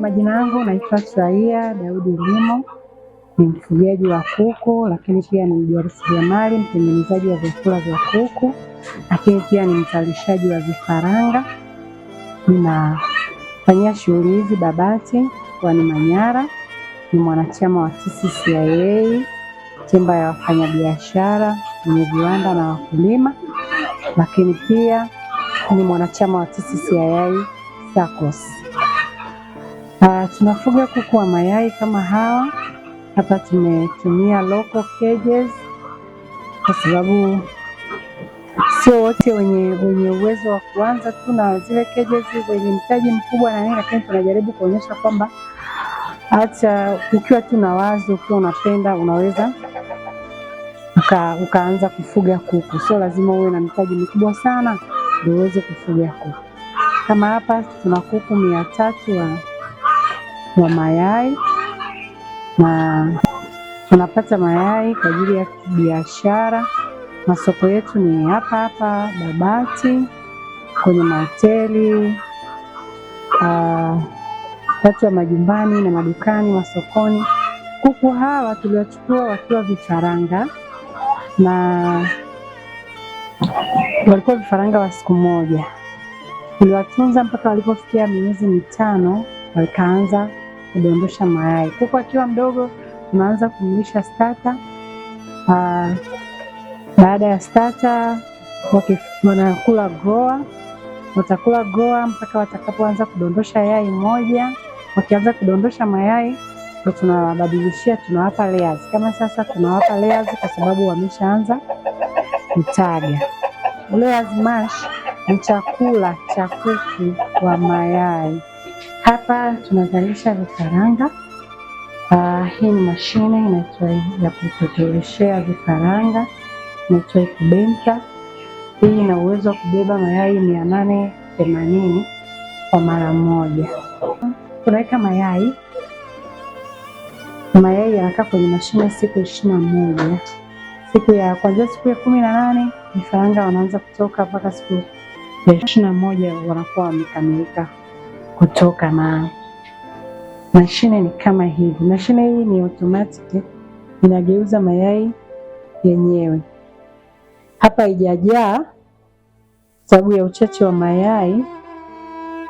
majina yangu naitwa Saia Daudi Limo, ni mfugaji wa kuku, lakini pia ni mjasiriamali, mtengenezaji wa vyakula vya kuku, lakini pia ni mzalishaji wa vifaranga. Ninafanyia shughuli hizi Babati kwani Manyara. Ni mwanachama wa TCCIA, chemba ya wafanyabiashara wenye viwanda na wakulima, lakini pia ni mwanachama wa TCCIA SACCOS. Uh, tunafuga kuku wa mayai kama hawa hapa. Tumetumia local cages kwa sababu sio wote wenye wenye uwezo wa kuanza tu na zile cages zenye mtaji mkubwa na nini, lakini tunajaribu kuonyesha kwamba hata ukiwa tu na wazo, ukiwa unapenda, unaweza uka, ukaanza kufuga kuku. Sio lazima uwe na mtaji mkubwa sana ndio uweze kufuga kuku. Kama hapa tuna kuku mia tatu wa wa mayai na tunapata mayai kwa ajili ya biashara. Masoko yetu ni hapa hapa Babati, kwenye mahoteli, ah, watu wa majumbani na madukani, masokoni. Kuku hawa tuliwachukua wakiwa vifaranga na walikuwa vifaranga wa siku moja, tuliwatunza mpaka walipofikia miezi mitano, walikaanza kudondosha mayai. Kuku akiwa mdogo unaanza kumlisha starter. Ah, baada ya starter wanakula grower, watakula grower mpaka watakapoanza kudondosha yai moja. Wakianza kudondosha mayai ndo tunawabadilishia, tunawapa layers. Kama sasa tunawapa layers kwa sababu wameshaanza kutaga. Layers mash ni chakula cha kuku wa mayai. Hapa tunazalisha vifaranga. Uh, hii ni mashine inaitwa ya kutotoleshea vifaranga inaitwa kubenta. Hii ina uwezo wa kubeba mayai mia nane themanini kwa mara moja. Tunaweka mayai, mayai yanakaa kwenye mashine siku ishirini na moja siku ya kuanzia siku ya kumi na nane vifaranga wanaanza kutoka mpaka siku ya ishirini na moja wanakuwa wamekamilika kutoka na mashine ni kama hivi. Mashine hii ni automatic, inageuza mayai yenyewe. Hapa haijajaa sababu ya uchache wa mayai,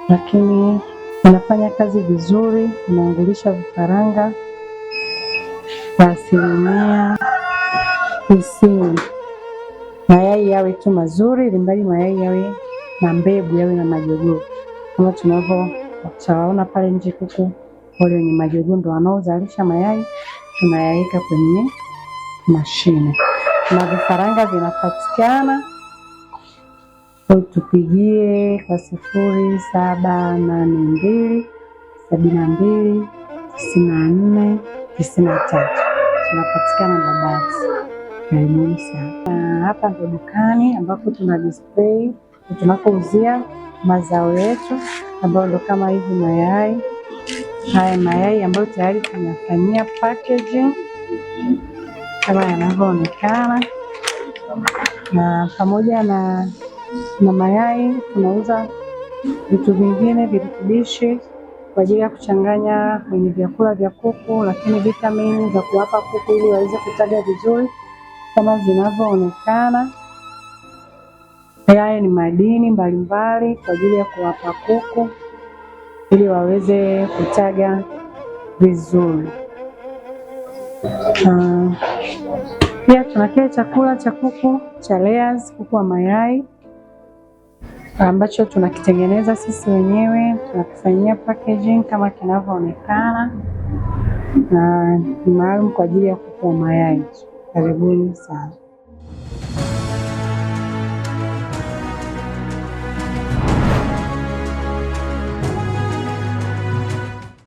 lakini inafanya kazi vizuri, inaangulisha vifaranga kwa asilimia tisini. Mayai yawe tu mazuri, limbali mayai yawe na mbegu, yawe na majogoo kama tunavyo utawaona pale nje kuku wale wenye majogoo wanaozalisha mayai, tunayaweka kwenye mashine na vifaranga vinapatikana. Tupigie kwa sifuri saba nane mbili sabini na mbili tisini na nne tisini na tatu tunapatikana Babati. Karibuni sana hapa ndo dukani ambapo tuna display tunakouzia mazao yetu ambayo ndo kama hivi mayai haya mayai ambayo tayari tunafanyia packaging kama yanavyoonekana, na pamoja na, na mayai tunauza vitu vingine virutubishi kwa ajili ya kuchanganya kwenye vyakula vya kuku, lakini vitamini za kuwapa kuku ili waweze kutaga vizuri kama zinavyoonekana hayo yaani ni madini mbalimbali kwa ajili ya kuwapa kuku ili waweze kutaga vizuri. Ah, pia tuna kile chakula cha kuku cha layers, kuku wa mayai ambacho tunakitengeneza sisi wenyewe, tunakifanyia packaging kama kinavyoonekana, na ni maalum kwa ajili ya kuku wa mayai. Karibuni sana.